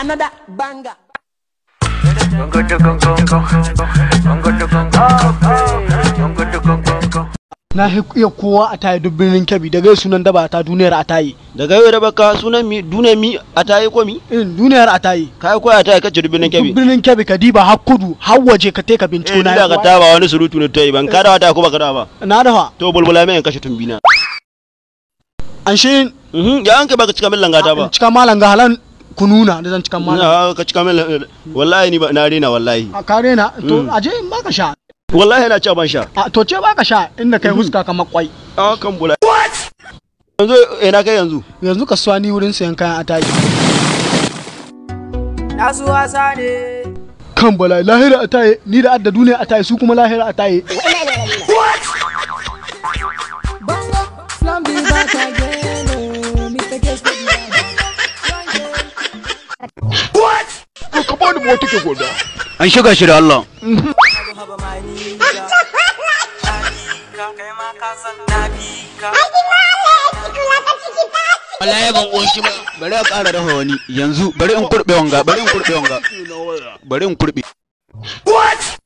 another banger. na iya kowa a tayi dubbin kyabi daga sunan daba ta duniyar a tayi daga yau da baka sunan mi duniyar mi a tayi ko mi in eh, duniyar a tayi ka ko a tayi kace dubbin kyabi dubbin kyabi ka diba har kudu har waje ka teka binciko eh, na ka ta ba wani surutu ne tayi ban ka dawa ta ko baka dawa ba na dawa to bulbula mai in kashe tumbina an shi mhm, ya an ka baka cika min langata ba cika ma langa halan kununa da zan cika mana ka cika mana wallahi ni na rena wallahi a ka rena to mm. aje in baka sha wallahi na ci ban sha a to ce baka sha inda kai mm-hmm. huska kamar kwai a kan bula yanzu ina eh, kai yanzu yanzu ka kasuwa ni wurin sayan kayan ataki na wasa sane kan bala lahira ataye ni da addadu ne ataye su kuma lahira ataye bani botiki an shiga shi da Allah Wallahi ban ƙoshi ba. Bari a ƙara dafa wani yanzu bari in kurɓe wanga bari in kurɓe wanga bari in kurɓe. What?